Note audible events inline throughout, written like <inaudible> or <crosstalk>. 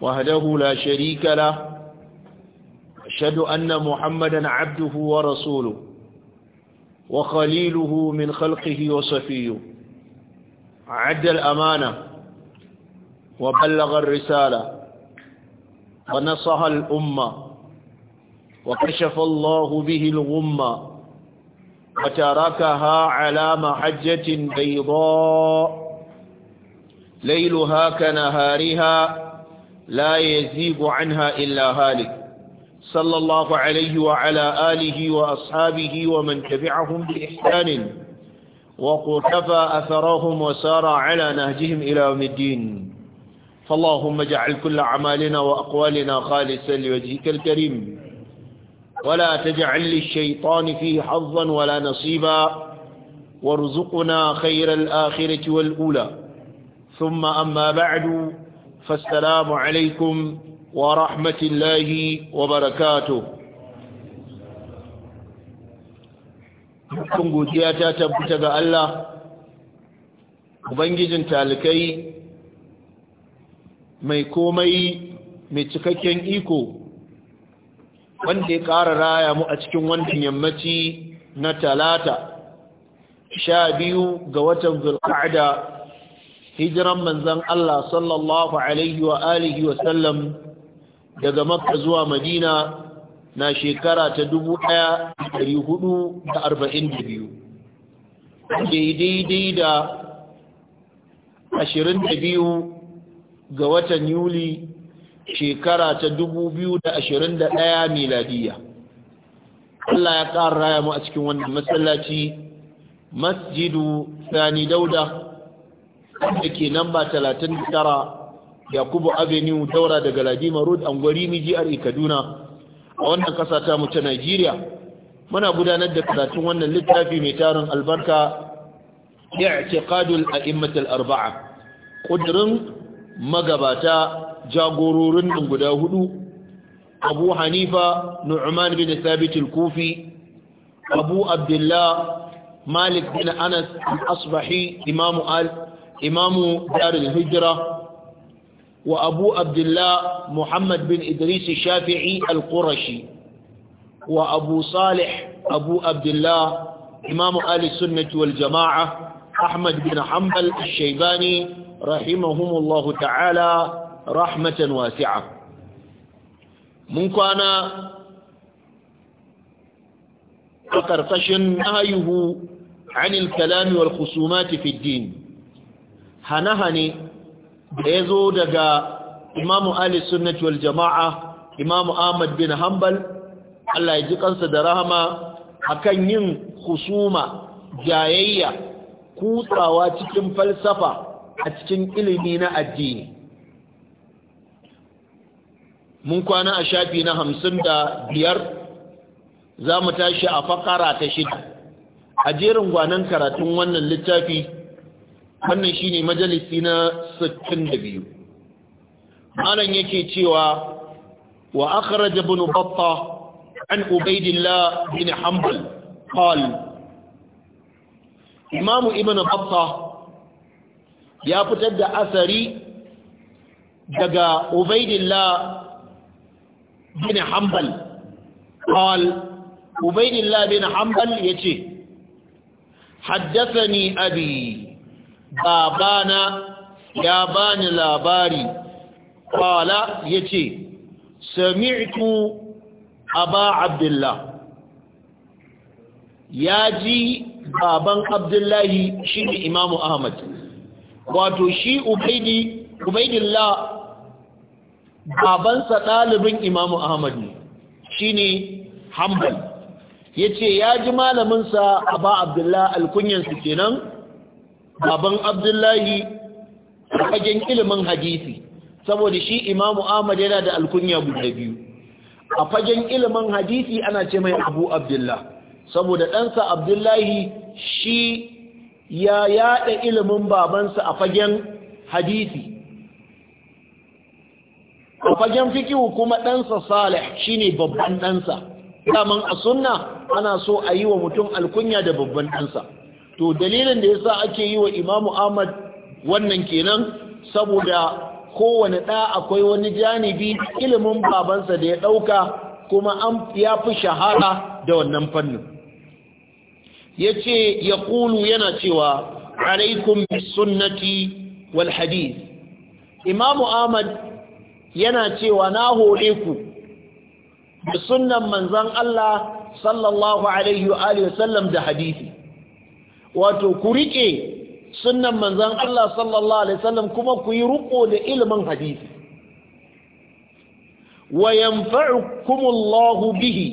وهده لا شريك له أشهد أن محمدا عبده ورسوله وخليله من خلقه وصفيه عد الأمانة وبلغ الرسالة ونصح الأمة وكشف الله به الغمة وتركها على محجة بيضاء ليلها كنهارها لا يزيب عنها إلا هالك صلى الله عليه وعلى آله وأصحابه ومن تبعهم بإحسان وقتفى أثرهم وسار على نهجهم إلى يوم الدين فاللهم اجعل كل أعمالنا وأقوالنا خالصا لوجهك الكريم ولا تجعل للشيطان فيه حظا ولا نصيبا وارزقنا خير الآخرة والأولى ثم أما بعد فالسلام عليكم ورحمة الله وبركاته kun godiya ta tabbata ga Allah ubangijin talikai mai komai mai cikakken iko wanda ya ƙara raya mu a cikin wannan yammaci na talata sha biyu ga watan zulqa'da hijiran manzan Allah sallallahu alaihi wa alihi wa sallam daga makka zuwa madina na shekara ta 1442 daidai da 22 ga watan yuli shekara ta 2021 miladiya Allah ya ƙara raya mu a cikin wannan masallaci masjidu sani dauda wanda ke namba 39 yakubu avenue daura daga ladima road angwari mijiyar e, kaduna a wannan kasa ta mu ta Najeriya muna gudanar da karatun wannan littafi mai tarin albarka a a'immatul arba'a ƙudurin magabata jagororin guda hudu Abu Hanifa Nu'man bin Thabit kufi Abu Abdullah Malik bin Anas al-Asbahi Imam al إمام دار الهجرة وأبو عبد الله محمد بن إدريس الشافعي القرشي وأبو صالح أبو عبد الله إمام آل السنة والجماعة أحمد بن حنبل الشيباني رحمهم الله تعالى رحمة واسعة من كان وقرقش نهيه عن الكلام والخصومات في الدين hane-hane da ya zo daga imamu ali sunnati wal jama'a imamu ahmad bin hanbal Allah ya ji kansa da rahama akan yin husuma jayayya kutsawa cikin falsafa a cikin ilimi na addini mun kwana a shafi na hamsin da biyar za mu tashi a fakara ta shida a jerin gwanon karatun wannan littafi wannan ne majalisi na 62 malan yake cewa wa akhraj ibn battah an ubaidillah bin hanbal qal imam ibn battah ya fitar da asari daga ubaidillah bin hanbal qal ubaidillah bin hanbal yace haddathani abi babana ya bani labari kwala ya ce sami'tu aba abdullah ya ji baban abdullahi shi ne imamu ahmad wato shi ubaidillah babansa ɗalibin imamu ahmad ne shi ne hambal ya ce ya ji malaminsa aba abdullah alkunyansu kenan baban abdullahi a fagen ilimin hadisi saboda shi imamu ahmad yana da alkunya guda biyu a fagen ilimin hadisi ana ce mai abu abdullah saboda ɗansa abdullahi shi ya yaɗa ilimin babansa a fagen hadisi a fagen fikihu kuma ɗansa salih ne babban ɗansa daman a sunna ana so a yi wa mutum alkunya da babban ɗansa to dalilin da yasa ake yi wa imamu ahmad wannan kenan saboda kowane ɗa akwai wani janibi ilimin babansa da ya ɗauka kuma an ya fi shahara da wannan fannin ya ce ya ƙulu yana cewa alaikum sunnati wal hadith imamu ahmad yana cewa na hore ku da sunnan manzan Allah sallallahu alaihi wa sallam da hadithi wato ku riƙe sunnan manzan Allah sallallahu alaihi wasallam kuma ku yi riƙo da ilimin hadisi wa yanfa'ukumullahu bihi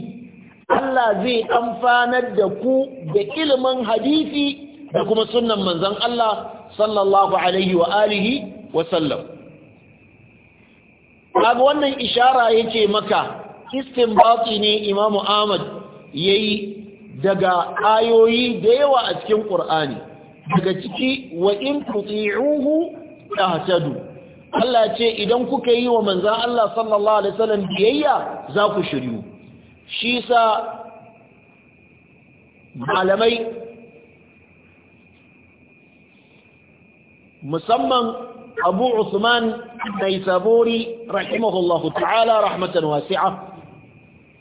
Allah zai amfanar da ku da ilimin hadisi da kuma sunnan manzan Allah sallallahu alaihi wa alihi wa sallam wannan ishara yake maka istinbati ne Imam Ahmad yayi daga ayoyi da yawa a cikin ƙur'ani daga ciki wa in tuti'uhu tahtadu Allah ce idan kuka yi wa manzon Allah sallallahu alaihi wasallam biyayya za ku shiryu shi sa malamai musamman Abu Usman Naisaburi rahimahullahu ta'ala rahmatan wasi'a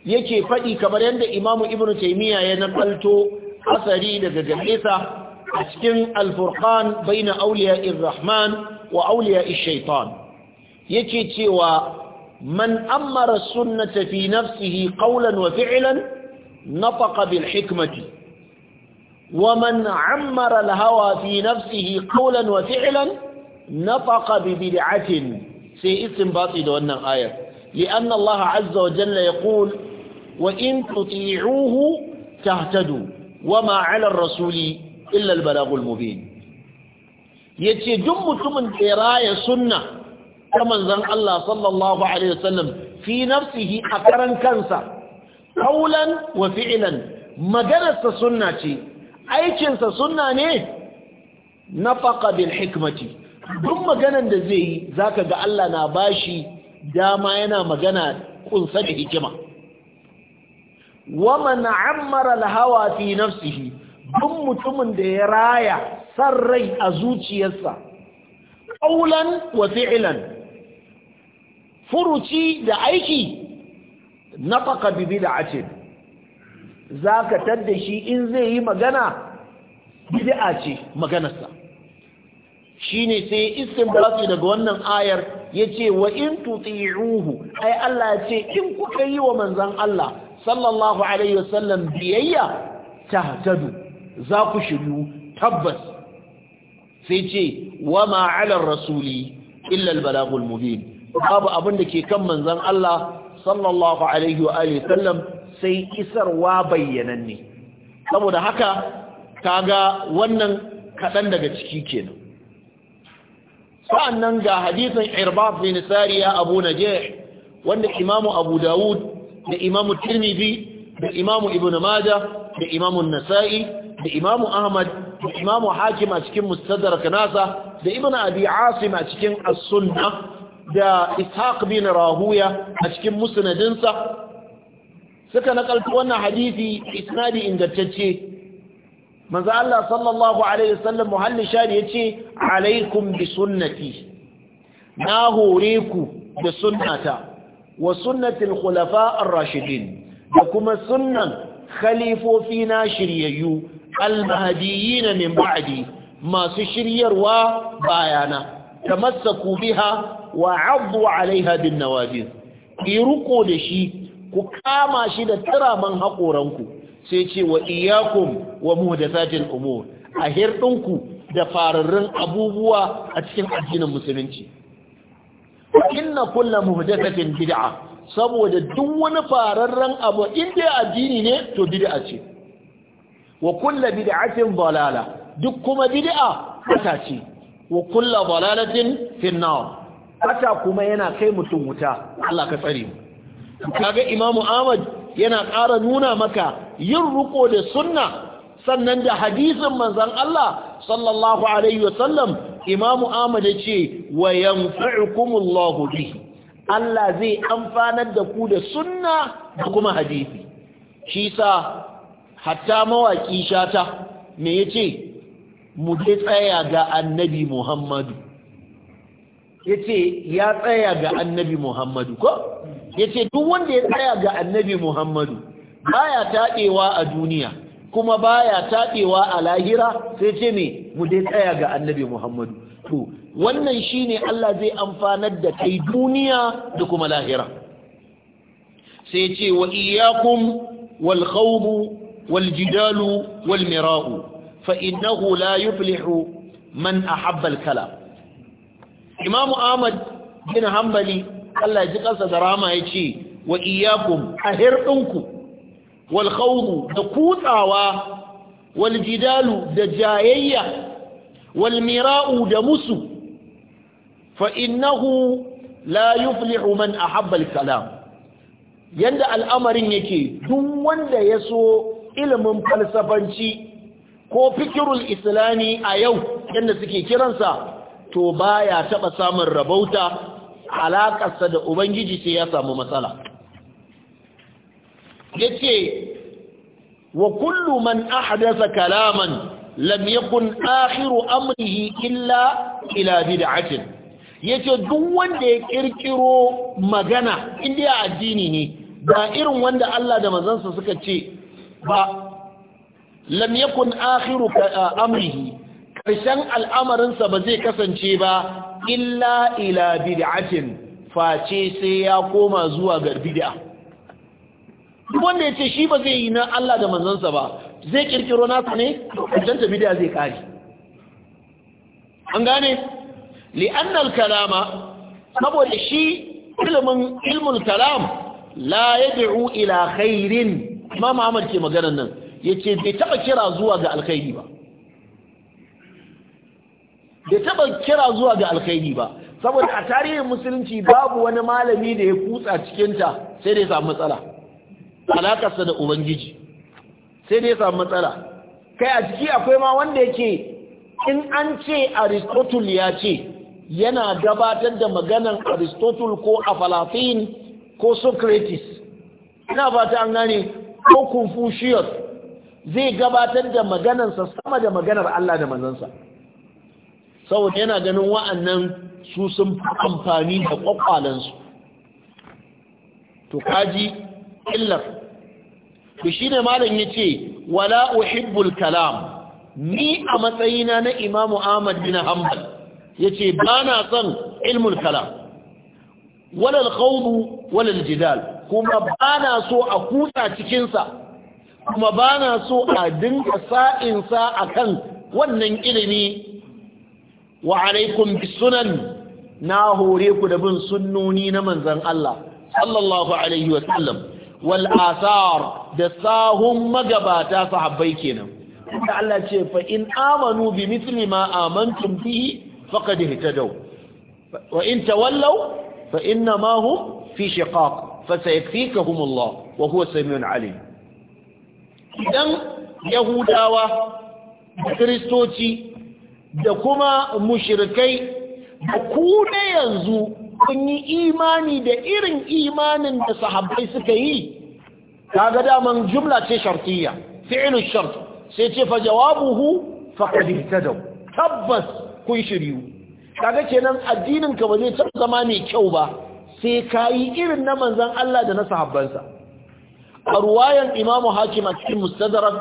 yake faɗi kamar yadda imamu ibn taimiyya ya nabalto asari daga jam'isa a cikin alfurkan baina na auliya irrahman wa auliya ishaitan yake cewa man ammara sunnata fi nafsihi qawlan wa fi'lan nafaqa bil hikmati wa man ammara al hawa fi nafsihi qawlan wa fi'lan nafaqa bi bid'atin sai istinbati da wannan ayar li anna Allah azza wa jalla yaqul wa in tuti'uhu tahtadu wa ma 'ala ar-rasuli illa al yace duk mutumin da ya raya sunna ta manzon Allah sallallahu alaihi wasallam fi nafsihi a karan kansa qawlan wa fi'lan maganarsa sunna ce aikinsa sunna ne nafaqa bil hikmati duk maganan da zai yi zaka ga Allah na bashi dama yana magana kunsa da hikima wa man ammara al-hawa fi nafsihi duk mutumin da ya raya san rai a zuciyarsa Ƙaulan wa fi'lan furuci da aiki nafaka bi bid'atin zaka tadda shi in zai yi magana bid'a ce maganarsa shine sai istinbati daga wannan ayar yace wa in tuti'uhu ai Allah yace in kuka yi wa manzon Allah sallallahu alaihi wasallam biyayya tahtadu za ku shiru tabbas sai ce wa ma ala rasuli illa albalagul mubin babu abin da ke kan manzon Allah sallallahu alaihi wa alihi sallam sai isarwa bayyananne saboda haka kaga wannan kadan daga ciki kenan sa'annan ga hadisin irbad bin sariya abu najih wanda imamu abu dawud da imamu tirmidhi da imamu ibnu majah da imamu nasa'i da imamu ahmad da imamu hakim a cikin mustadrak Kanasa, da ibnu abi asim a cikin as-sunnah da ishaq bin rahuya a cikin musnadinsa suka nakalta wannan hadisi isnadi ingantacce manzo Allah sallallahu alaihi wasallam muhalli shari yace alaikum bi sunnati na hore ku da sunnata wa sunnatil khulafa ar-rashidin da kuma sunnan khalifofi na shiryayyu al-mahdiyyin min ba'di masu shiryarwa bayana tamassaku biha wa 'addu 'alayha bin nawajid iruko da shi ku kama shi da tiraman hakoranku sai ce wa iyyakum wa muhdathatil umur a hirdinku da fararrun abubuwa a cikin addinin musulunci inna kulla muhdathatin bid'a saboda duk wani fararren abu inda addini ne to bid'a ce wa kulla bid'atin dalala duk kuma bid'a bata ce wa kulla dalalatin fin nar bata kuma yana kai mutum wuta Allah ka tsare mu kaga imamu Ahmad yana ƙara nuna maka yin ruko da sunna sannan da hadisin manzon Allah sallallahu alaihi wasallam imamu ahmad ce wa yanfa'ukumullahu bihi Allah zai amfanar da ku da sunna da kuma hadisi shi sa hatta mawaki shata me yace mu je tsaya ga annabi Muhammadu yace ya tsaya ga annabi Muhammadu ko yace duk wanda ya tsaya ga annabi Muhammadu baya taɗewa a duniya kuma baya taɗewa a lahira sai ce me mu dai tsaya ga annabi muhammadu to wannan shine Allah zai amfanar da kai duniya da kuma lahira sai ce wa iyyakum wal khawbu wal jidalu wal mira'u fa la yuflihu man a habbal kala. imam ahmad bin hambali Allah ji ƙasa da rama ce, wa a har dinku wal da kutsawa Waljidalu da jayayya Walmira'u da musu fa'innahu la yuflihu man a habbal kalam Yadda al'amarin yake duk wanda ya so ilimin falsafanci ko fikirul islami a yau yanda suke kiransa to baya taɓa samun rabauta alaƙarsa da ubangiji sai ya samu matsala yace wa kullu man ahdasa kalaman lam yakun akhiru amrihi illa ila bid'atin yace duk wanda ya kirkiro magana inda addini ne ba irin wanda Allah da manzansa suka ce ba lam yakun akhiru amrihi karshen al'amarinsa ba zai kasance ba illa ila bid'atin face sai ya koma zuwa ga bid'a duk wanda ya ce shi ba zai yi na Allah da manzansa ba zai kirkiro nasa ne ta bidiya zai kare an gane li'annal kalama saboda shi ilmin ilmul kalam la yad'u ila khairin ma Ahmad ke maganar nan yace bai taba kira zuwa ga alkhairi ba bai taba kira zuwa ga alkhairi ba saboda a tarihin musulunci babu wani malami da ya kutsa cikinta sai da ya samu matsala alakarsa da ubangiji sai dai samu matsala kai a ciki akwai ma wanda yake in an ce aristotle ya ce yana gabatar da maganan aristotle ko afalafin ko socrates ina fata an gane ko confucius zai gabatar da maganansa sama da maganar allah da manzansa saboda yana ganin wa'annan su sun fi amfani da ƙwaƙwalansu. to kaji illar to shine malam yace wala uhibbul kalam ni a matsayina na imamu ahmad bin hanbal yace ba na son ilmul kalam walal al walal jidal kuma ba na so a kusa cikinsa, kuma ba na so a dinka sa'in sa kan wannan ilimi wa alaikum bisunan na hore ku da bin sunnoni na manzon Allah sallallahu alaihi wa sallam wal asar da sahun magabata sahabbai kenan inda Allah ce fa in amanu bi mithli ma amantum bihi faqad ihtadaw wa in tawallaw fa inna ma hum fi shiqaq fa sayakfikahum Allah wa huwa samiun alim idan yahudawa kristoci da kuma mushrikai da ku yanzu kun yi imani da irin imanin da sahabbai suka yi kaga daman jumla ce shartiya fi'lu shart sai ce fa jawabuhu faqad ihtadaw tabbas kun shiryu kaga kenan addinin ka ba zai taɓa zama mai kyau ba sai kayi irin na manzon Allah da na sahabbansa a ruwayan imamu Hakim a cikin Mustadrak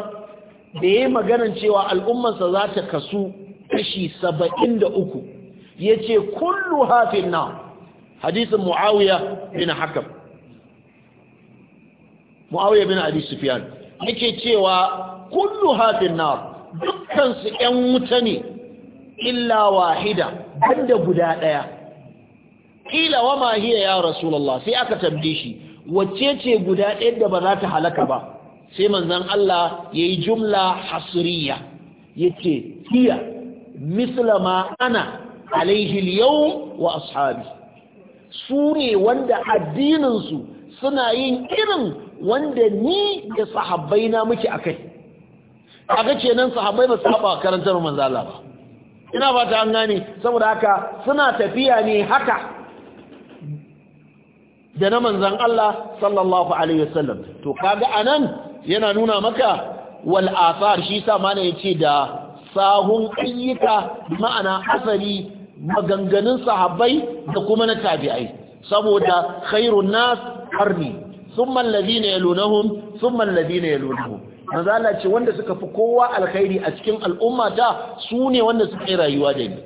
da yayi maganan cewa al'ummarsa za ta kasu kashi saba'in da uku yace kullu hafinna hadisin muawiya bin hakam muawiya bin abi sufyan yake cewa kullu hafin nar dukkan su ƴan wuta ne illa wahida banda guda daya kila wa ma hiya ya rasulullah sai aka tambaye shi wacce ce guda ɗaya da ba za ta halaka ba sai manzon Allah ya yi jumla hasriya ya ce hiya misla ana alaihi yau wa ashabi su ne wanda addininsu suna yin irin wanda ni da sahabbai na muke a kai aga kenan sahabbai ba saba karantar Manzala ba ina ta an gane saboda haka suna tafiya ne haka da na Manzan Allah sallallahu alaihi wasallam to kaga anan yana nuna maka wal athar shi sa mana yace da sahun ayyuka ma'ana asali maganganun sahabbai da kuma na tabi'ai saboda khairun nas qarni thumma alladhina yalunhum thumma alladhina yalunhum manzo Allah ce wanda suka fi kowa alkhairi a cikin al'umma ta su ne wanda suka yi rayuwa da ni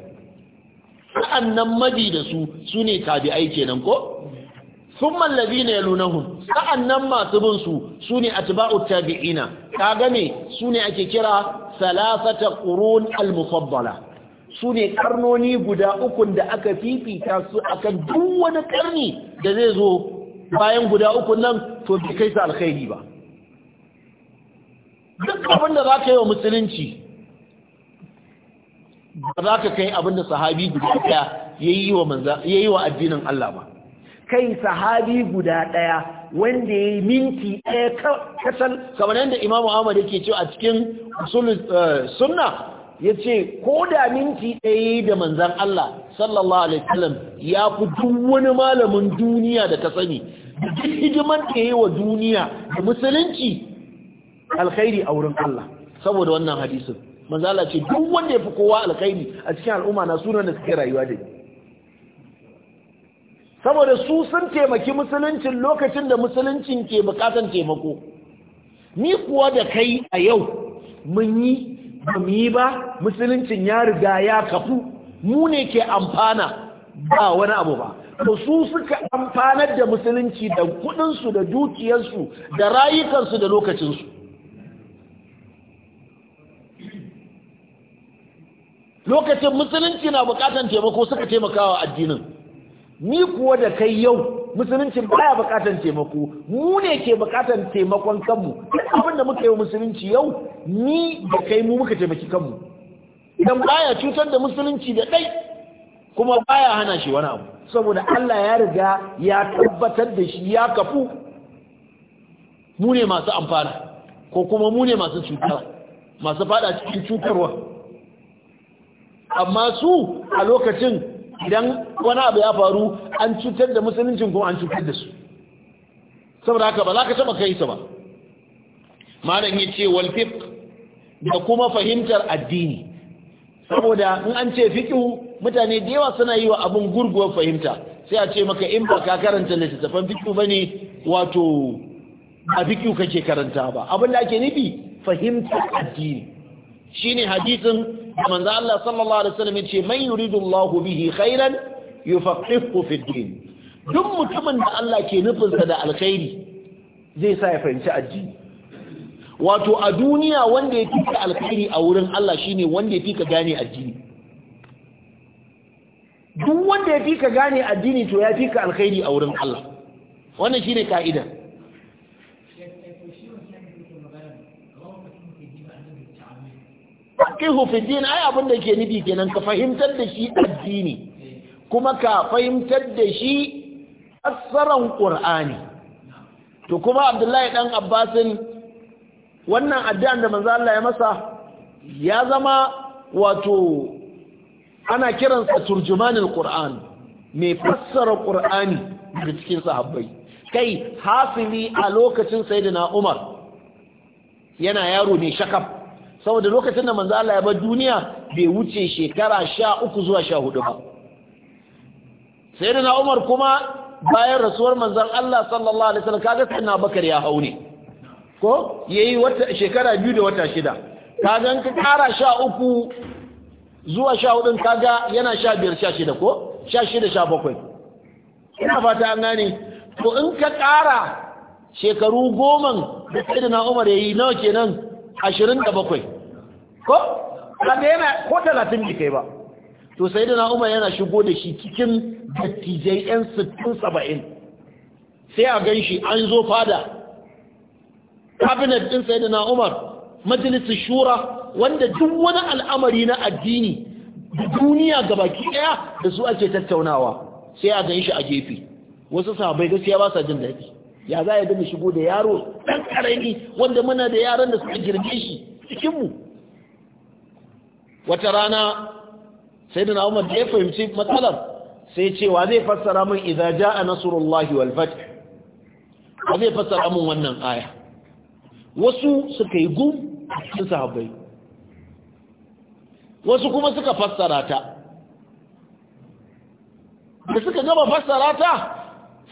sa'annan maji da su su ne tabi'ai kenan ko thumma alladhina yalunhum sa'annan masu bin su su ne atba'u tabi'ina kaga ne su ne ake kira salasata qurun al-mufaddala su ne karnoni guda ukun da aka fifita su akan duk wani karni da zai zo bayan guda ukun nan to bai kai su alkhairi ba duk abin da za ka yi wa musulunci ba za ka kai abin da sahabi guda ɗaya ya yi wa addinin Allah ba kai sahabi guda ɗaya wanda ya yi minti ɗaya kasal kamar yadda imamu ahmad yake cewa a cikin eh, sunna ya ce ko da minti ɗaya da manzan Allah sallallahu alaihi wasallam ya fi duk wani malamin duniya da ta sani duk hidiman da ya wa duniya da musulunci alkhairi a wurin Allah saboda wannan hadisin manzan Allah ce duk wanda ya fi kowa alkhairi a cikin al'umma na suna da suke rayuwa da ni saboda su sun taimaki musuluncin lokacin da musuluncin ke bukatan taimako ni kuwa da kai a yau mun yi ba mu yi ba musuluncin ya riga ya kafu mu ne ke amfana ba wani abu ba to su suka amfanar da musulunci da kudinsu da dukiyarsu da rayukansu da lokacinsu lokacin musulunci na bukatan taimako suka taimakawa addinin ni kuwa da kai yau musuluncin baya bukatan taimako mu ne ke bukatan taimakon kanmu abinda muka yi musulunci yau ni da kai mu muka taimaki kanmu idan baya cutar da musulunci da dai kuma baya hana shi wani abu saboda Allah ya riga ya tabbatar da shi ya kafu mu ne masu amfana ko kuma mu ne masu cuta, masu fada cikin cutarwa amma su a lokacin idan wani abu ya faru an cutar da musuluncin kuma an cutar da su saboda haka ba za ka taba kai sa ba malam ya ce wal fiqh da kuma fahimtar addini saboda in an ce fiqh mutane da yawa suna yi wa abun gurguwar fahimta sai a ce maka in ba ka karanta littattafan ba bane wato a fiqh kake karanta ba abin da ake nufi fahimtar addini shine hadisin da manzo Allah sallallahu alaihi wasallam yace man yuridu Allah bihi khairan yufaqihu fi din duk mutumin da Allah ke nufinsa da alkhairi zai sa ya fahimci addini wato a duniya wanda ya fika alkhairi a wurin Allah shine wanda ya fika gane addini duk wanda ya fika gane addini to ya fika alkhairi a wurin Allah wannan shine ka'ida eh, faqihu fi din ai abin da ke nufi kenan ka fahimtar da shi addini kuma ka fahimtar da shi assaran qur'ani to kuma abdullahi dan abbasin wannan addu'an da manzo Allah ya masa ya zama wato ana kiransa turjumanul qur'an mai fassara qur'ani daga cikin sahabbai kai hasili a lokacin sayyidina umar yana yaro ne shakaf saboda lokacin da manzo Allah ya bar duniya bai wuce shekara sha uku zuwa sha hudu ba sayyidina Umar kuma bayan rasuwar manzon Allah sallallahu alaihi wasallam kaga sayyidina Bakar ya haune ko yayi wata shekara biyu da wata shida kaga ka kara sha uku zuwa sha hudun kaga yana sha biyar sha shida ko sha shida sha bakwai ina fata an gane to in ka kara shekaru goman da sayyidina Umar yayi nawa kenan ashirin da bakwai ko kaga yana ko talatin bai kai ba to sai da umar yana shigo da shi cikin dattijai yan sittin saba'in sai a gan shi an zo fada kabinet ɗin sai da umar majalisar shura wanda duk wani al'amari na addini da duniya gabaki ɗaya da su ake tattaunawa sai a ganshi a gefe wasu sabai gaskiya ba sa jin daɗi ya za a yi shigo da yaro ɗan ƙarami wanda muna da yaran da suka girme shi cikinmu wata rana sai da umar da ya fahimci matsalar sai cewa zai fassara min idza jaa nasrullahi wal fath wa zai fassara min wannan aya wasu suka yi gum su sahabai wasu kuma suka fassara ta da suka gama fassara ta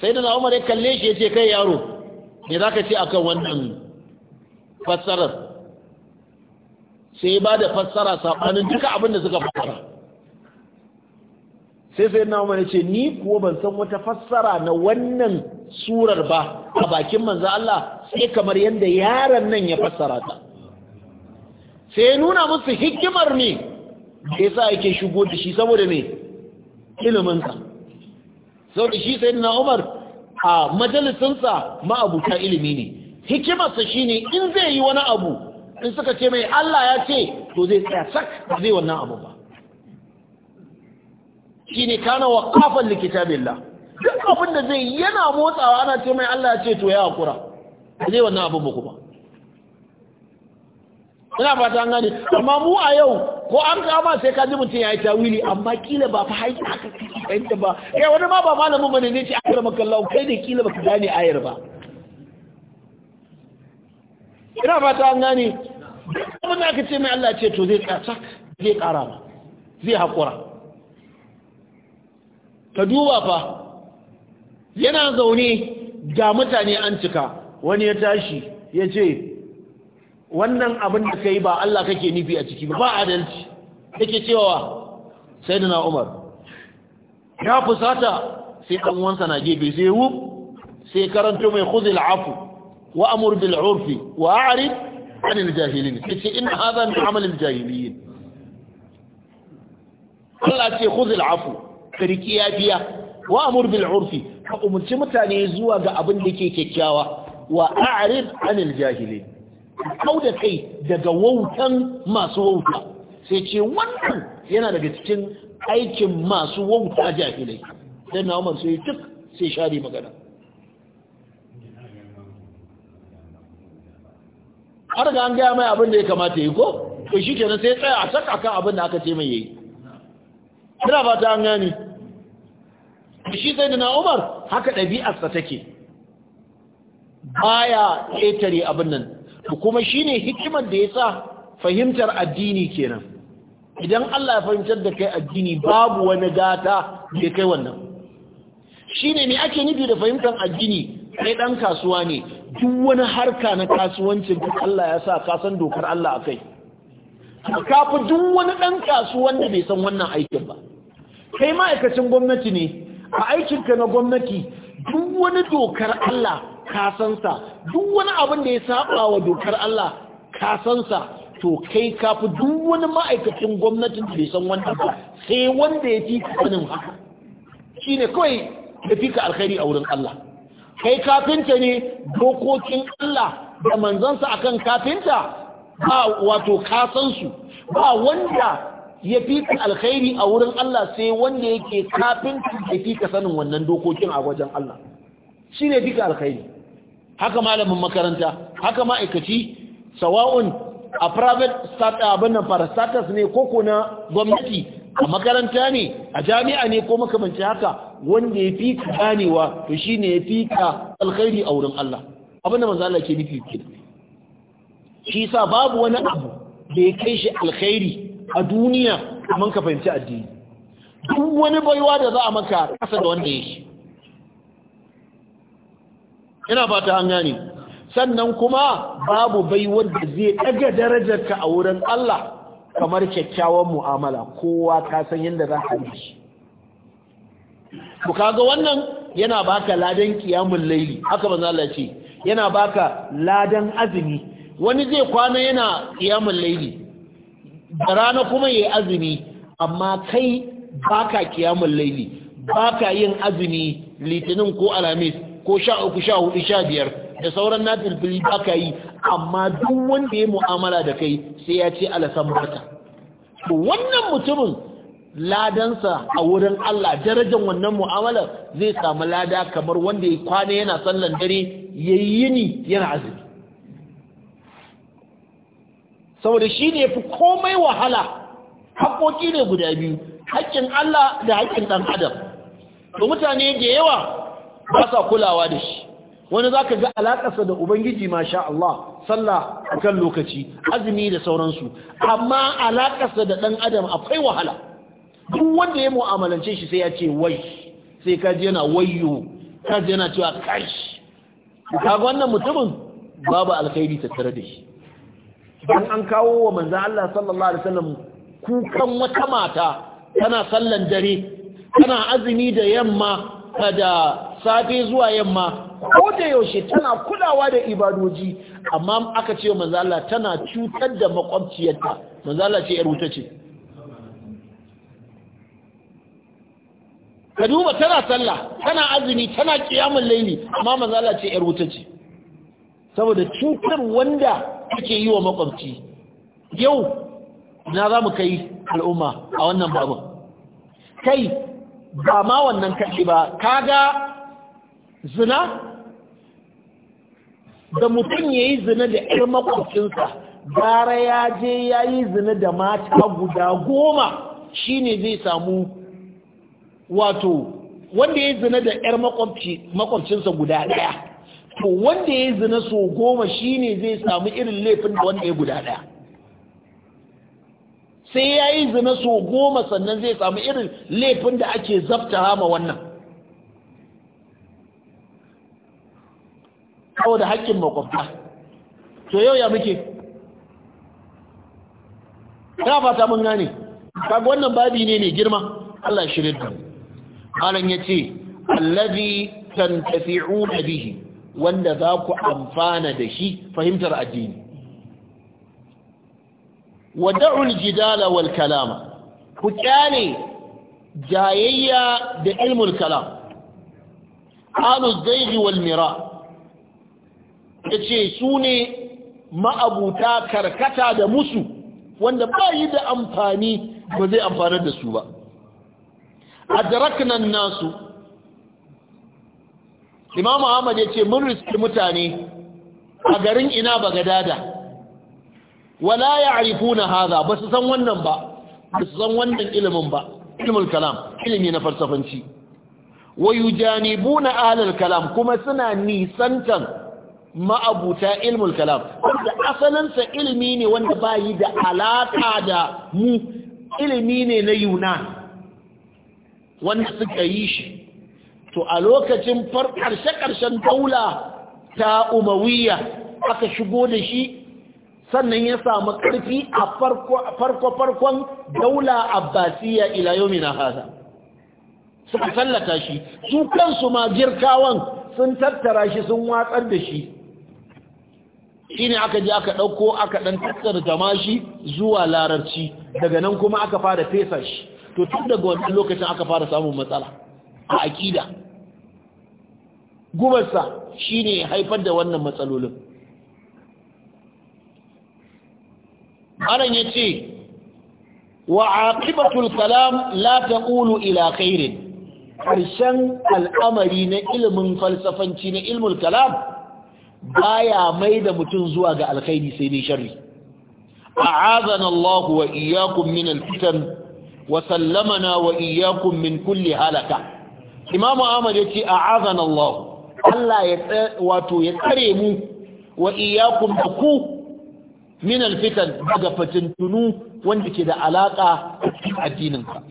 sai da umar ya kalle shi ya ce kai yaro me ka ce akan wannan fassarar sai ba da fassara sabanin duka abin da suka fassara sai sai na umar ce ni kuwa ban san wata fassara na wannan surar ba a bakin manzo Allah sai kamar yadda yaron nan ya fassara ta sai nuna musu hikimar ne da sa yake shigo da shi saboda me ilimin sa saboda shi sai na umar a majalisinsa ma'abuta ilimi ne hikimarsa shine in zai yi wani abu in suka ce mai Allah ya ce to zai tsaya sak ba zai wannan abu ba shine kana waqafan li kitabillah duk abin da zai yana motsawa ana ce mai Allah ya ce to ya hakura ba zai wannan abu ba kuma ina fata an gane amma mu a yau ko an kama sai ka ji mutum ya yi tawili amma kila ba fa haƙi aka fahimta ba kai eh, wani ma ba malamin bane ne ce akara makallahu kai ne kila ka gane ayar ba ina fata an gane abin da aka ce mai Allah ce to zai tsaka zai ƙara ba zai haƙura ka duba fa yana zaune ga mutane an cika wani ya tashi ya ce wannan abin da ka yi ba Allah kake nufi a ciki ba ba adalci yake cewa sai da na umar ya fusata sai ɗanwansa na gebe. sai wu sai karanto mai kuzi afu wa amur bil wa a'arif anil jahilin sai ce in hadha min amalil jahiliyin Allah ce khudhil afu kariki yafiya wa a bil urfi ka umarci mutane zuwa ga abin da yake kyakkyawa wa a'rid anil jahilin kau da kai daga wautan masu wauta sai ce wannan yana daga cikin aikin masu wauta jahilai dan na umar sai duk sai share magana har ga an gaya mai abin da ya kamata yi ko to shi kenan sai tsaya a saka kan abin da aka ce mai yayi ina ba ta an gani shi sai da na umar haka ɗabi'arsa take baya ƙetare abin nan kuma shine hikimar da ya sa fahimtar addini kenan idan Allah ya fahimtar da kai addini babu wani gata da kai wannan shine me ake nufi da fahimtar addini kai dan kasuwa ne duk wani harka na kasuwancin duk Allah ya sa ka san dokar Allah a kai Ka fi duk wani ɗan kasuwan da bai san wannan aikin ba kai ma'aikacin gwamnati ne a aikinka na gwamnati duk wani dokar Allah ka san sa duk wani abin da ya saba wa dokar Allah ka san sa to kai ka fi duk wani ma'aikacin gwamnati da bai san wannan ba sai wanda ya fi sanin haka shine kawai ya fi ka alkhairi a wurin Allah kai kafinta ne dokokin Allah da manzansa akan kafinta ba wato kasansu ba wanda ya fi alkhairi a wurin Allah sai wanda yake kafinta da fi ka sanin wannan dokokin a wajen Allah shi ne fi alkhairi haka malamin makaranta haka ma'aikaci sawa'un a private status ne koko na gwamnati a makaranta ne a jami'a ne ko makamanci haka wanda ya fi ka ganewa to shi ne ya fi ka alkhairi a wurin Allah abin da ke nufi ke shi sa babu wani abu da ya kai shi alkhairi a duniya kamar ka fahimci addini duk wani baiwa da za a maka kasa da wanda ya yake ina ta an gane sannan kuma babu baiwar da zai ɗaga darajarka a wurin Allah kamar kyakkyawan mu'amala kowa ka san yadda za a yi kaga wannan yana baka ladan kiyamun laili haka manzo Allah ce yana baka ladan azumi wani zai kwana yana kiyamun laili da rana kuma yayi azumi amma kai baka kiyamun laili baka yin azumi litinin ko alamis ko sha uku sha hudu sha biyar da sauran fili baka yi amma duk wanda ya mu'amala da kai sai ya ce alasan wannan mutumin ladansa a wurin Allah darajar wannan mu'amalar zai samu lada kamar wanda ya kwana yana sallan dare yayi yini yana azumi saboda shi ne fi komai wahala haƙoƙi ne guda biyu haƙƙin Allah da haƙƙin ɗan adam to mutane da yawa ba sa kulawa da shi wani za ka ga alaƙarsa da ubangiji masha Allah sallah a kan lokaci azumi da sauransu amma alakarsa da ɗan adam akwai wahala duk wanda ya mu'amalance shi sai ya ce wai sai ka yana wayo ka yana cewa kashi ka wannan mutumin babu alkhairi tattare da shi dan an kawo wa manzon Allah sallallahu alaihi wasallam kukan wata mata tana sallan dare tana azumi da yamma kada safe zuwa yamma ko da yaushe tana kulawa da ibadoji amma aka ce manzo tana cutar da makwabciyarta manzo ce yar wuta ce ka duba tana sallah tana azumi tana kiyamun laili amma manzo ce yar wuta ce saboda cutar wanda take yi wa makwabci yau na za mu kai al'umma a wannan babu kai ba ma wannan kashi ba kaga zina da mutum ya yi zina da ‘yar makwabcinsa gara ya je ya yi zina da mata guda goma shi ne zai samu wato wanda ya yi zina da ‘yar makwabcinsa guda ɗaya to wanda ya yi zina so goma shi ne zai samu irin laifin da wanda ya guda ɗaya sai ya yi zina so goma sannan zai samu irin laifin da ake zafta ma wannan saboda haƙƙin makwabta to yau ya muke ya fata mun gane kaga wannan babi ne mai girma Allah ya shirye da malan yace allazi tantafi'una bihi wanda za ku amfana da shi fahimtar addini wada'ul jidala wal kalama ku kyale jayayya da ilmul kalam alu zaigi wal mira ya ce su ne ma'abuta karkata da musu wanda ba yi da amfani ba zai amfanar da su ba a daraknan nasu Imam ahmad ya ce mun riski mutane a garin ina ba gadada wala ya arifu na haza ba san wannan ba ba su san wannan ilimin ba ilimin kalam ilimi na farsafanci wayu janibuna kalam kuma suna nisantan ma'abuta ilmul kalam wanda asalinsa ilimi ne wanda ba yi da alaƙa da mu ilimi ne na yunan wanda suka yi shi to a lokacin karshe-karshen daula ta umawiya aka shigo da shi sannan ya samu ƙarfi a farko-farkon daula abbasiya ila yau haza suka tallata shi su kansu ma girkawan sun tattara shi sun watsar da shi ne aka je aka ɗauko aka ɗan tattarta mashi zuwa lararci daga nan kuma aka fara fesa shi to tun daga wani lokacin aka fara samun matsala a aƙida gubarsa shi shine haifar da wannan matsalolin anan ya ce wa aqibatul kalam la taqulu ila khairin ƙarshen al'amari na ilimin falsafanci na ilmul kalam baya mai da mutum zuwa ga alkhairi sai dai shari. a'azana Allah wa iyakun min alfitan, fitan wa sallamana wa iyakun min kulli halaka Imam Ahmad yace a'azana Allah Allah ya wato ya tsare mu wa iyakun da ku min alfitan daga fatintunu wanda ke da alaka da addinin ka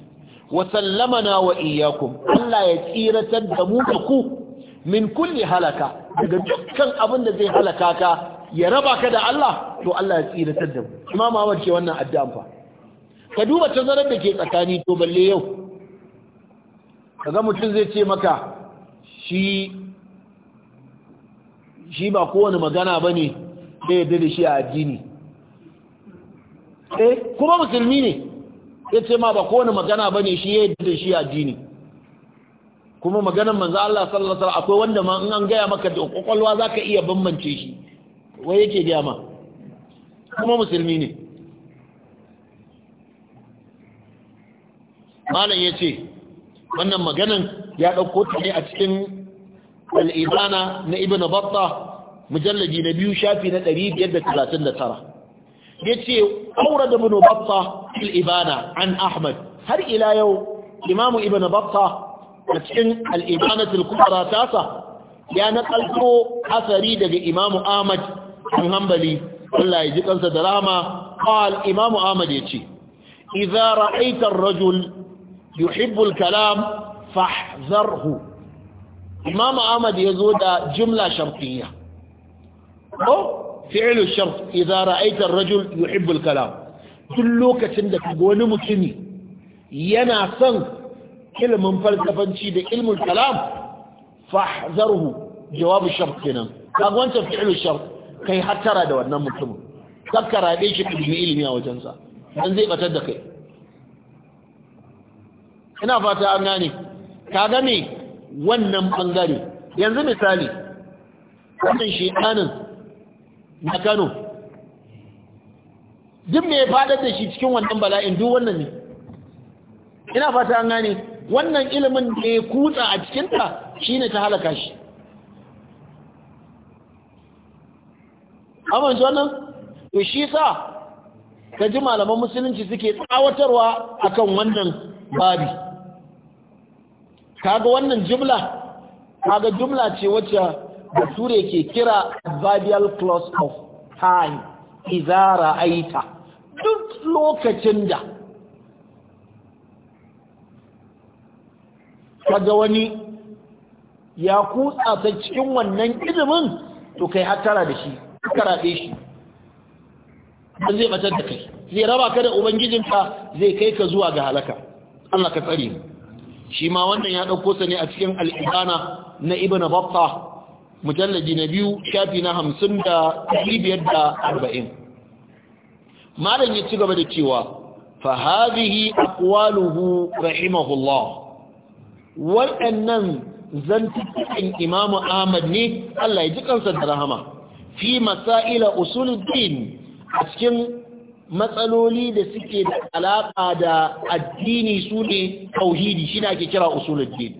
wa sallamana wa iyakun. Allah ya tsiratar da mu da ku min kulli halaka daga dukkan abin da zai halaka ka ya raba ka da Allah to Allah ya tsira da mu imam Ahmad ke wannan addu'a fa ka duba tazarar da ke tsakani to balle yau kaga mutum zai ce maka shi shi ba kowane magana bane da ya dade shi a addini eh kuma musulmi ne ya ce ma ba kowane magana bane shi ya da shi a addini kuma maganar manzo Allah sallallahu alaihi wasallam akwai wanda ma in an gaya maka da kokolwa zaka iya bambance shi wai yake gaya ma kuma musulmi ne malam yace wannan maganan ya dauko ta ne a cikin al-ibana na ibnu battah mujallaji na biyu shafi na 539 yace aurada ibnu battah fil ibana an ahmad har ila yau imamu ibnu battah a cikin al'ibanatul kubra tasa ya nakalto asari daga imamu ahmad an hambali wanda ya ji kansa da rama qal imamu ahmad ya ce Iza ra'aitar rajul yuhibbu al-kalam fahzarhu imamu ahmad ya zo da jumla shartiyya ko fi'lu shart iza ra'aitar rajul yuhibbu al-kalam Tun lokacin da kaga wani mutumi yana son ilimin falsafanci da ilmul kalam fahzarhu jawabu shart kenan kaga wancan fi'lu shart kai hattara da wannan mutumin kakka rabe shi ilimi ilimi a wajensa dan zai batar da kai ina fata an gane kaga me wannan bangare yanzu misali wannan shedanin na Kano duk me ya fadar da shi cikin wannan bala'in duk wannan ne ina fata an gane wannan ilimin da ya kutsa a cikinta shine ta halaka shi amma shi wannan to shi sa ka ji malaman musulunci suke tsawatarwa a kan wannan babi kaga wannan jumla kaga jumla ce wacce bature ke kira adverbial clause of time izara aita duk lokacin da kaga wani ya kutsa ta cikin wannan ilimin to kai hattara da shi karaɗe shi don zai batar da kai zai raba ka da ubangijinka zai kai ka zuwa ga halaka Allah ka tsare mu shi ma wannan ya ɗauko sa ne a cikin al'ibana na ibn batta mujallaji na biyu shafi na hamsin da biyar da arba'in malam ya ci gaba da cewa fa hadhihi aqwaluhu rahimahullah waɗannan zantukan imamu ahmad ne Allah ya ji kansa da rahama fi masaila usuluddin a cikin matsaloli da suke da alaƙa da addini su ne tauhidi shi ake kira usuluddin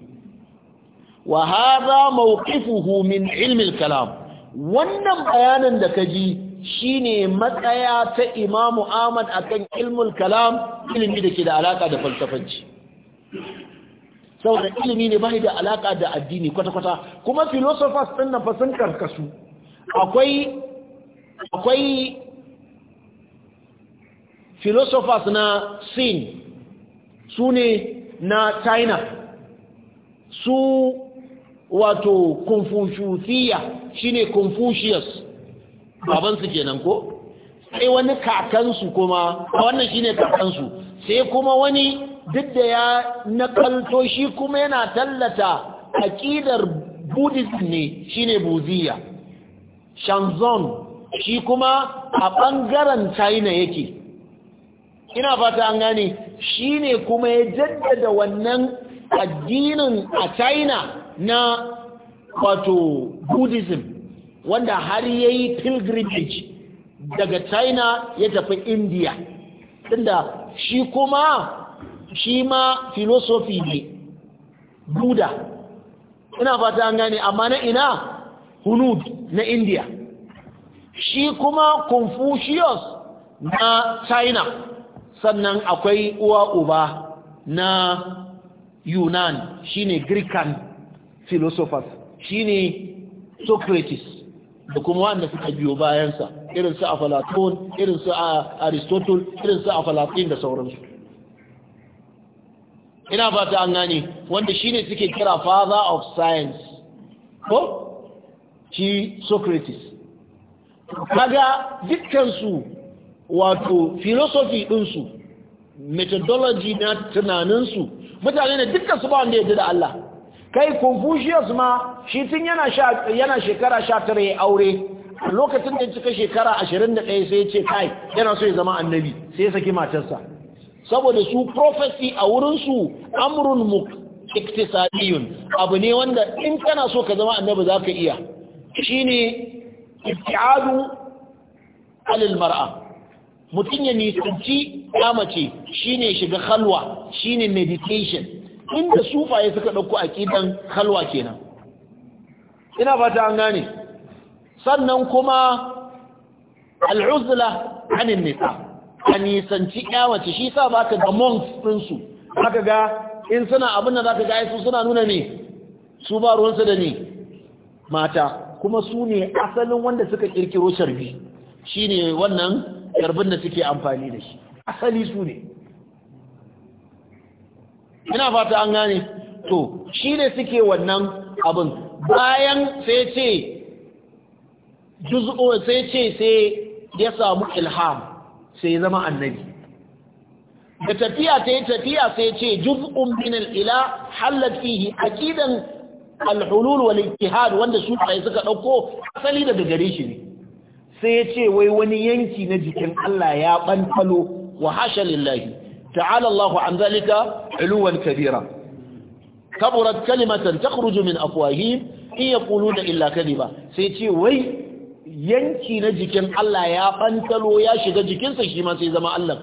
wa hadha mawqifuhu min ilmi al-kalam wannan bayanan da kaji shine matsaya ta imamu ahmad akan ilmul kalam ilimi da ke da alaƙa da falsafanci saboda ilimi ne bai da alaka da addini kwata-kwata kuma philosophers ɗin na fasin karkasu akwai akwai philosophers na sin su ne na china su wato confucianism shine confucius babansu kenan ko sai wani kakansu kuma wannan shine kakansu sai kuma wani duk da ya nakalto shi kuma yana tallata aƙidar buddhism ne shine buziya shanzon shi kuma a ɓangaren china yake ina fata an gane shi ne kuma ya jaddada wannan addinin a china na wato buddhism wanda har ya yi pilgrimage daga china ya tafi india tunda shi kuma shi ma filosofi ne buda ina fata an gane amma na ina hunud na india shi kuma confucius na china sannan akwai uwa uba na yunan shine greekan philosophers shine socrates da kuma wanda suka biyo bayansa irinsu a platon irinsu a aristotle irinsu a platin da sauransu ina ba ta an gane wanda shine suke kira father of science ko ci socrates kaga dukkansu wato philosophy ɗinsu methodology na tunaninsu mutane ne su ba wanda yadda da Allah kai confucius ma shi tun yana shekara sha tara ya aure lokacin da ya cika shekara ashirin da ɗaya sai ya ce kai yana so ya zama annabi sai ya saki matarsa saboda su prophecy a wurinsu amrun mu iktisadiyun abu ne wanda in kana so ka zama annabi za ka iya shi ne ibtiadu alil mar'a mutum ya nisanci mace shi ne shiga halwa shi ne meditation inda sufaye suka ɗauko aƙidan halwa kenan ina fata an gane sannan kuma al'uzla anin nisa a nisanci mace shi sa ba ka ga monks ɗinsu haka ga in suna abin da za ka ga su suna nuna ne su ba ruwansu da ne mata kuma su ne asalin wanda suka kirkiro sharbi shi ne wannan sharbin da suke amfani da shi asali su ne ina fata an gane to shi ne suke wannan abin bayan sai ce sai ce sai ya samu ilham sai zama annabi da tafiya ta yi tafiya sai ce juz'un min al-ila halat fihi aqidan al-hulul wanda su kai suka dauko asali daga gare shi ne sai ya ce wai wani yanki na jikin Allah ya bantalo wa hasha lillahi ta'ala Allahu an zalika kabira kaburat kalimatan takhruju min afwahihim in da illa kaliba sai ce wai yanki na jikin Allah ya bantalo ya shiga jikinsa shi ma sai zama Allah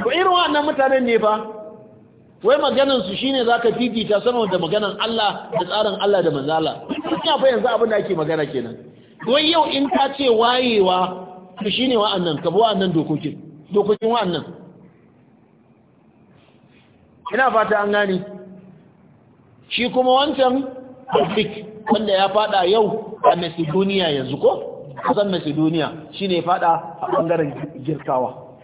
Ba irin wannan mutanen ne fa wai maganansu ne za ka zaka fifita sama da maganan Allah da tsarin Allah da manzala ina fa yanzu abin da ake magana kenan wai yau in ta ce wayewa shi ne wa'annan ka bi wa'annan dokokin dokokin wa'annan ina fata an gane shi kuma wancan fik wanda ya fada yau a macedonia yanzu ko kasan macedonia shine ya fada a bangaren girkawa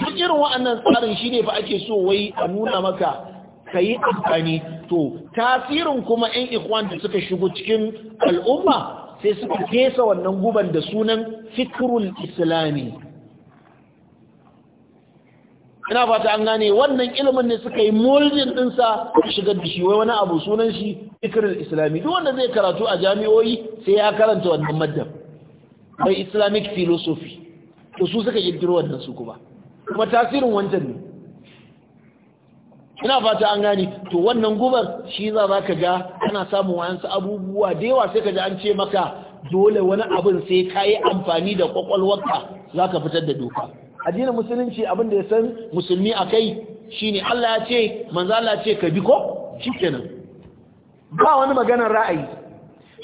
duk irin wa'annan tsarin shine fa ake so wai a nuna maka kayi amfani to tasirin kuma 'yan ikwan da suka shigo cikin al'umma sai suka kesa wannan guban da sunan fikrul islami ina fata an gane wannan ilimin ne suka yi mulkin dinsa shigar da shi wai wani abu sunan shi fikirin islami duk wanda zai karatu a jami'o'i sai ya karanta wannan madda mai islamic philosophy to su suka kirkiro wannan su kuma kuma tasirin wancan ne ina fata an gane to wannan gubar shi za za ka ga ana samun wayansu abubuwa da yawa sai ka ji an ce maka dole wani abin sai ka yi amfani da kwakwalwarka za ka fitar da doka addinin musulunci abin da ya san musulmi a kai shi ne Allah ya ce manzo Allah ce ka bi ko kenan ba wani maganar ra'ayi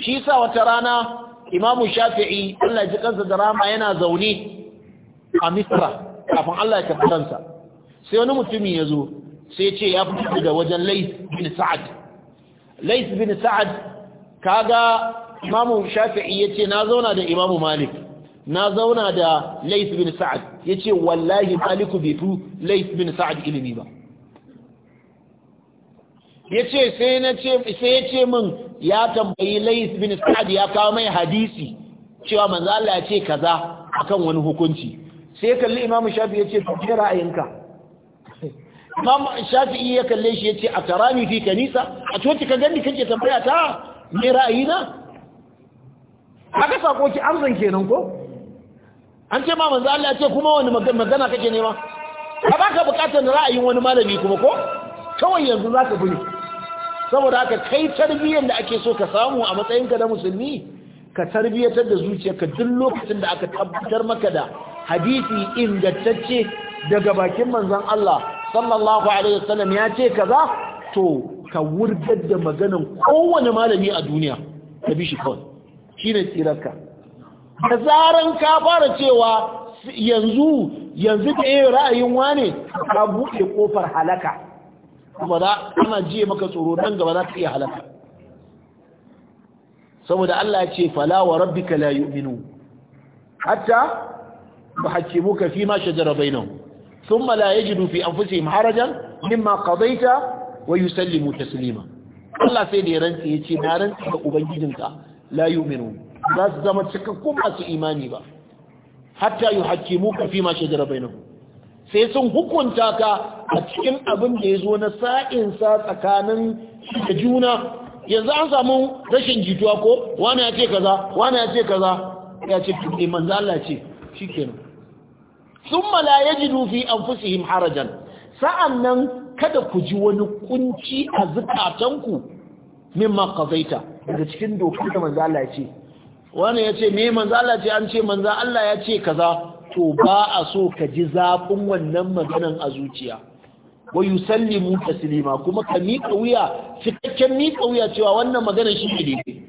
shi yasa wata rana Imamu Shafi'i Allah ya ji kansa da rama yana zaune a Misra kafin Allah ya tafi kansa sai wani mutumi ya zo sai ya ce ya fito da wajen Lais bin Sa'ad Lais bin Sa'ad kaga Imamu Shafi'i yace na zauna da Imamu Malik na zauna da Lais bin Sa'ad yace wallahi Maliku bai fi Lais bin Sa'ad ilimi ba yace sai na ce sai yace min ya tambayi Lais bin Sa'ad ya kawo mai hadisi cewa manzo Allah ya ce kaza akan wani hukunci sai kalli Imam Shafi yace to je ra'ayinka <laughs> Imam Shafi ya kalle shi yace a tarami fi kanisa a coci ka gani kake tambaya ta me ra'ayina haka sako ki amsan kenan ko an ce ma manzo Allah ya ce kuma wani magana kake nema ka baka bukatar ra'ayin wani malami kuma ko kawai yanzu zaka bi saboda haka kai tarbiyyar da ake so ka samu a matsayinka na musulmi ka tarbiyyatar da zuciyarka duk lokacin da aka tabbatar maka da hadisi ingantacce daga bakin manzon Allah sallallahu alaihi wasallam ya ce kaza to ka wurgar da maganan kowane malami a duniya ka bi shi kawai shine tsirarka da zaran ka fara cewa yanzu yanzu da yi ra'ayin wane ka buɗe ƙofar halaka kuma za ana jiye maka tsoro nan gaba za ka iya halaka saboda Allah ce fala wa ka layu minu. hatta muka fi ma shajara mala thumma la yajidu fi anfusihim harajan mimma qadaita wa yusallimu taslima Allah sai da ya rantsi yace na rantsa da ubangijinka layu minu. za su zama cikakkun masu imani ba hatta yi hake ka fi ma shajara bai sai sun hukunta ka a cikin abin da ya zo na sa'insa tsakanin da juna yanzu an samu rashin jituwa ko wani ya ce kaza wani ya ce kaza ya ce tuɗe eh, manzo Allah ce shi kenan sun mala ya ji nufi an fusihim harajan sa'an nan kada ku ji wani kunci a zukatanku min makazaita daga cikin dokar da manzo ce wani ya ce me manzo Allah ce an ce manzo Allah ya ce kaza to ba a so ka ji zafin wannan maganan a zuciya wa yusallimu taslima kuma ka miƙa wuya cikakken miƙa wuya cewa wannan maganar shi ne daidai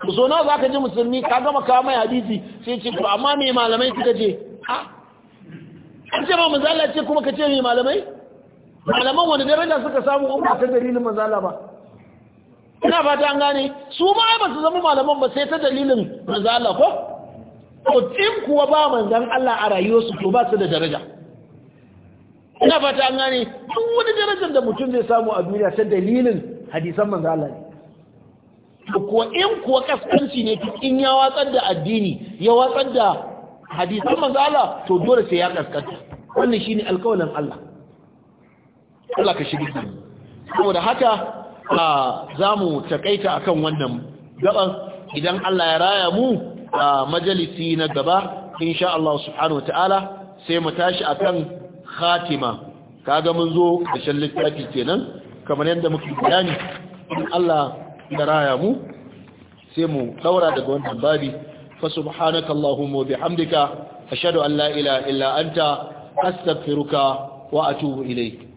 ku so na zaka ji musulmi ka gama kawo mai hadisi sai ce to amma me malamai suka ce a an ce ba manzo Allah ce kuma ka ce me malamai malaman wani daraja suka samu umma ta dalilin manzo Allah ba ina fata an gane su ma ba su zama malaman ba sai ta dalilin manzala Allah ko to in kuwa ba manzan Allah a rayuwarsu to ba su da daraja ina fata an gane duk wani darajar da mutum zai samu a duniya ta dalilin hadisan manzala Allah ne ko in kuwa kaskanci ne in ya watsar da addini ya watsar da hadisan manzala to dole sai ya kaskanta wannan shine alƙawarin Allah Allah ka shirye saboda haka a za mu takaita akan wannan gaban idan Allah ya raya mu a majalisi na gaba insha Allah subhanahu ta'ala sai mu tashi a kan khatima kaga mun zo ƙarshen littafi kenan kamar yadda muke bayani in Allah ya raya mu sai mu daura daga wannan babi fa subhanaka allahumma wa bihamdika ashhadu an la ilaha illa anta astaghfiruka wa atubu ilayk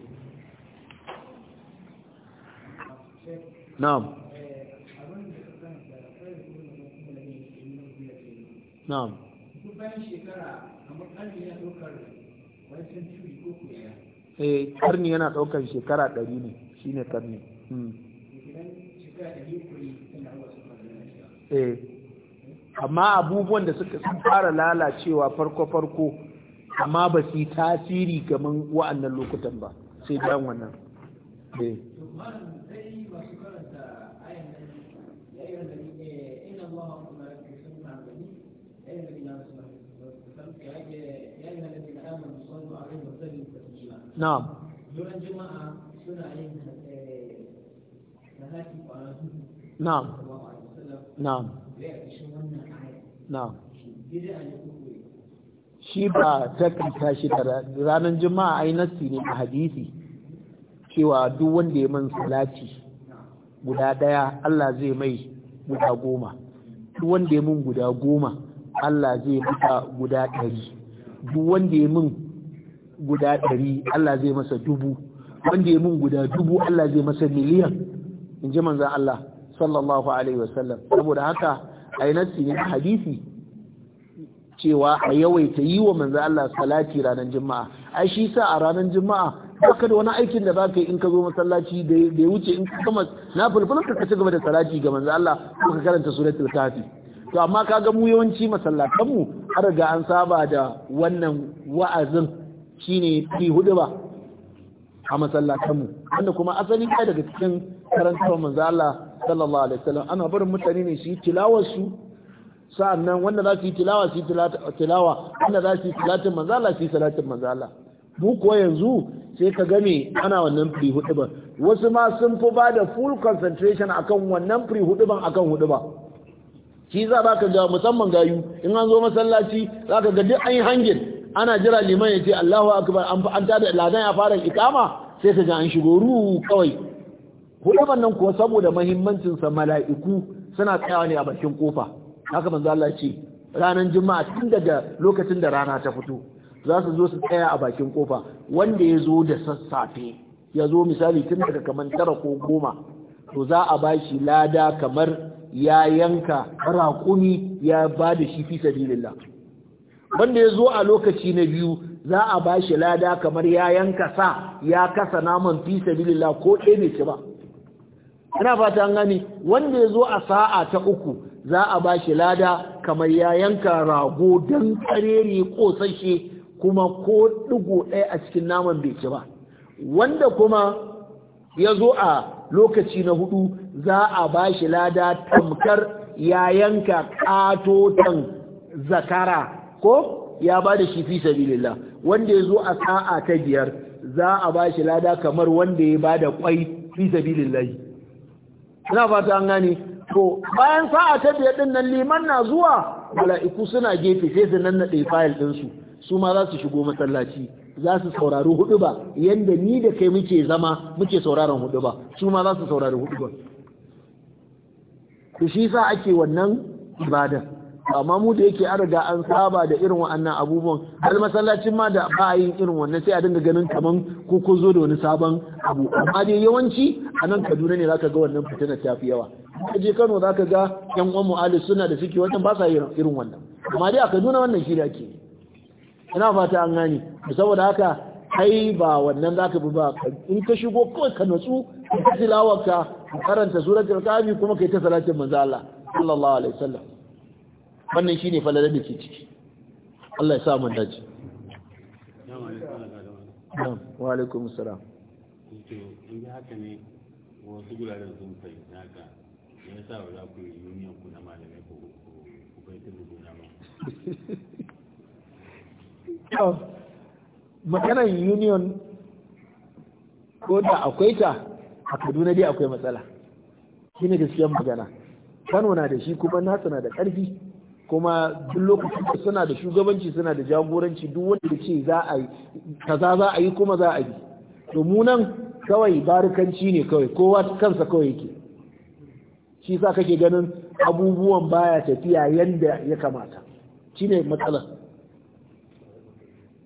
na'am na'am eh karni yana ɗaukar shekara ɗari ne ne karni hmm. eh, amma abubuwan da suka fara lalacewa farko-farko amma ba su yi tasiri ga wa'annan lokutan ba sai bayan wannan eh. الله ما يسمى به إلا بالله يا أيها الذين آمنوا صلوا عليه وسلموا تسليما نعم دون الجماعة سنة عليه نهاتي نعم نعم na'am shi ba takarta shi ranar juma'a ai nassi ne a hadisi cewa duk wanda ya man salati guda ɗaya Allah zai mai guda goma duk wanda ya mun guda goma Allah zai masa guda ɗari duk wanda ya mun guda ɗari Allah zai masa dubu wanda ya mun guda dubu Allah zai masa miliyan in ji manzan Allah sallallahu alaihi wasallam saboda haka a yi nassi ne hadisi cewa a yawaita yi wa manzan Allah salati ranar juma'a ai shi sa a ranar juma'a ka da wani aikin da zaka yi in ka zo masallaci da ya wuce in ka gama na fulfulun ka ci gaba da salati ga manzo Allah ko ka karanta suratul kafi to amma kaga mu yawanci masallatan mu an riga an saba da wannan wa'azin shine fi hudu ba a masallatan mu wanda kuma asali kai daga cikin karantar manzo Allah sallallahu alaihi wasallam ana barin mutane ne su yi tilawar su sa'annan wanda za su yi tilawa su yi tilawa wanda za su yi salatin manzo Allah su yi salatin manzo Allah mu kuwa yanzu sai ka game ana wannan pre hudubar wasu ma sun fi ba da full concentration akan wannan firi hudubar akan huduba shi za ba ka ga musamman gayu in an zo masallaci za ka ga duk an yi hangin ana jira liman ya ce Allahu akbar an an tada ladan ya fara ikama sai ka ga an shigo ruhu kawai hudubar nan kuwa saboda mahimmancinsa sa mala'iku suna tsayawa ne a bakin kofa haka manzo Allah ce ranar juma'a tun daga lokacin da rana ta fito za su zo su tsaya a bakin kofa wanda ya zo da sassafe ya zo misali tun daga kamar tara ko goma to za a ba shi lada kamar ya yanka raƙumi ya ba da shi fi sabilillah wanda ya zo a lokaci na biyu za a ba shi lada kamar ya yanka sa ya kasa naman fi sabilillah ko ɗaya bai ci ba ina fata an gani wanda ya zo a sa'a ta uku za a ba shi lada kamar ya yanka rago don ko ƙosashe kuma ko ɗigo ɗaya a cikin naman bai ci ba wanda kuma ya zo a lokaci na hudu za a ba shi lada tamkar ya yanka ƙatotan zakara ko ya ba da shi fi sabilillah wanda ya zo a sa'a ta biyar za a ba shi lada kamar wanda ya ba da kwai fi sabilillah ina fata an gane to bayan sa'a ta biyar ɗin nan liman na zuwa mala'iku suna gefe sai su nannaɗe fayil ɗinsu su ma za su shigo masallaci za su saurari hudu ba Yadda ni da kai muke zama muke sauraron hudu ba su ma za su saurari hudu ba ku shi sa ake wannan ibada amma mu da yake an riga an saba da irin wa'annan abubuwan har masallacin ma da ba yin irin wannan sai a dinga ganin kaman ko ko zo da wani sabon abu amma dai yawanci a nan Kaduna ne zaka ga wannan fitina ta fi yawa ka je Kano zaka ga yan uwan mu'alis suna da suke wannan ba sa irin wannan amma dai a Kaduna wannan shi da ake yi ina fata an gani saboda haka ai ba wannan zaka bi ba in ka shigo kawai ka natsu ka tilawarka ka karanta suratul kafi kuma kai ta salatin manzo Allah sallallahu alaihi wasallam wannan shine falalar da ke ciki Allah ya sa mu dace wa alaikum assalam in ga haka ne wasu guraren sun fahimta haka ya sa wa za ku yi union ku na malamai ko ku bai ta ba <laughs> maganar union ko da akwai ta a kaduna dai akwai matsala shi ne gaskiyar magana kano na da shi kuma nasu na da ƙarfi kuma duk lokacin da suna da shugabanci suna da jagoranci duk wanda da ce za a yi kaza za a yi kuma za a yi to mu nan kawai barikanci ne kawai kowa kansa kawai yake shi sa kake ganin abubuwan baya tafiya yadda ya kamata Shi ne matsalar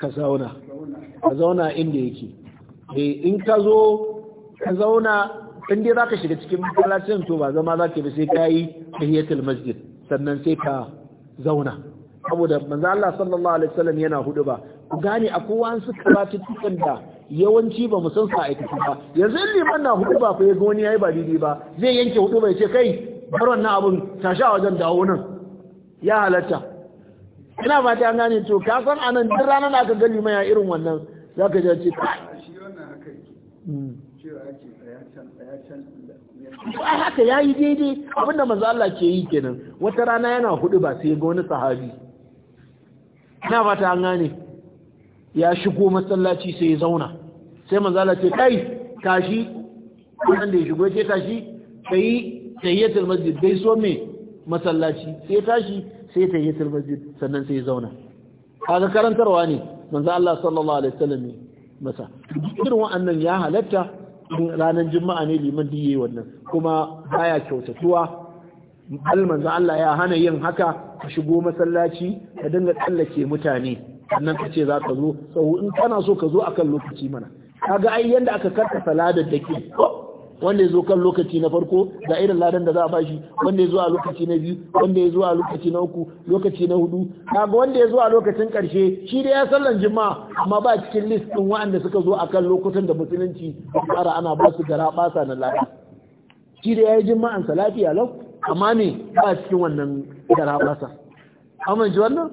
ka zauna ka zauna inda yake eh in ka zo ka zauna in dai zaka shiga cikin masallacin to ba zama zaka bi sai kai tahiyatul masjid sannan sai ka zauna saboda manzo Allah sallallahu alaihi wasallam yana hudu ba ku gane akwai wasu karatu tukan da yawanci ba mu san sa aikata ba yanzu in liman na hudu ba ku ya ga wani yayi ba didi ba zai yanke hudu bai ce kai bar wannan abun tashi a wajen dawo nan ya halatta ina ba ta gane to ka san anan duk ranar aka ga liman ya irin wannan za ka ji ce ai haka ya yi daidai abinda manzo Allah ke yi kenan wata rana yana hudu ba sai ga wani sahabi ina ba ta gane ya shigo masallaci sai ya zauna sai manzo Allah ce kai tashi wanda ya shigo ce tashi sai sayyatul masjid dai so me masallaci sai ya tashi sai ta yi masjid sannan sai ya zauna kaga karantarwa ne manzo Allah sallallahu alaihi wasallam ne masa irin wannan ya halatta ranar juma'a ne liman diye wannan kuma baya kyautatuwa al manzo Allah ya hana yin haka ka shigo masallaci ka dinga tsallake mutane sannan ka ce za ka zo sau in kana so ka zo akan lokaci mana kaga ai yanda aka karkasa ladar da ke wanda ya zo kan lokaci na farko ga irin ladan da za a bashi wanda ya zo a lokaci na biyu wanda ya zo a lokaci na uku lokaci na hudu kaga wanda ya zo a lokacin karshe shi da ya sallan juma'a amma ba cikin list din waɗanda suka zo a kan lokutan da musulunci fara ana ba su gara basa na lafiya shi da ya yi juma'an sa lafiya lau amma ne ba cikin wannan gara basa ji wannan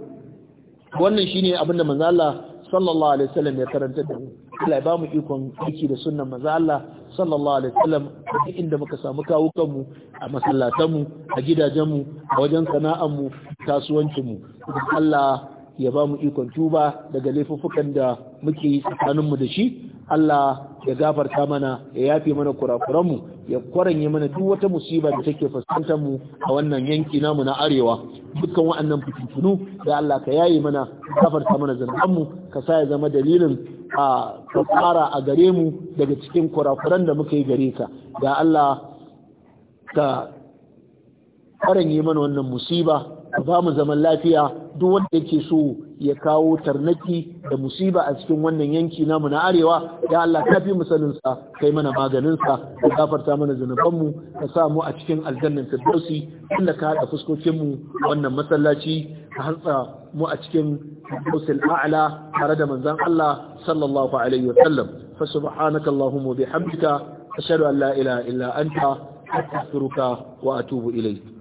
wannan shine abin da manzo Allah sallallahu alaihi wasallam ya karanta da mu Allah ya ba mu ikon aiki da sunnan manzo Allah sallallahu alaihi wasallam duk inda muka samu kawo mu a masallatan mu a gidajen mu a wajen sana'an mu kasuwancin mu Allah ya bamu ikon tuba daga laifuffukan da muke tsakanin mu da shi Allah ya gafarta mana ya yafe mana kurakuranmu ya kwaranye mana duk wata musiba da take fuskantar mu a wannan yanki namu na arewa dukkan wa'annan fitintunu da Allah ka yaye mana gafarta mana mu ka sa ya zama dalilin a kafara a gare mu daga cikin kurakuran da muka yi gare ka da Allah ka kwaranye mana wannan musiba ka ba mu zaman lafiya duk wanda yake so ya kawo tarnaki da musiba a cikin wannan yanki namu na arewa ya Allah ka fi misalin sa kai mana maganin sa ka gafarta mana zanuban mu ka sa mu a cikin aljannan firdausi inda ka haɗa fuskokin mu wannan masallaci ka hantsa mu a cikin firdausil a'la tare da manzon Allah sallallahu alaihi wa sallam fa subhanaka allahumma bihamdika ashhadu an la ilaha illa anta astaghfiruka wa atubu ilayk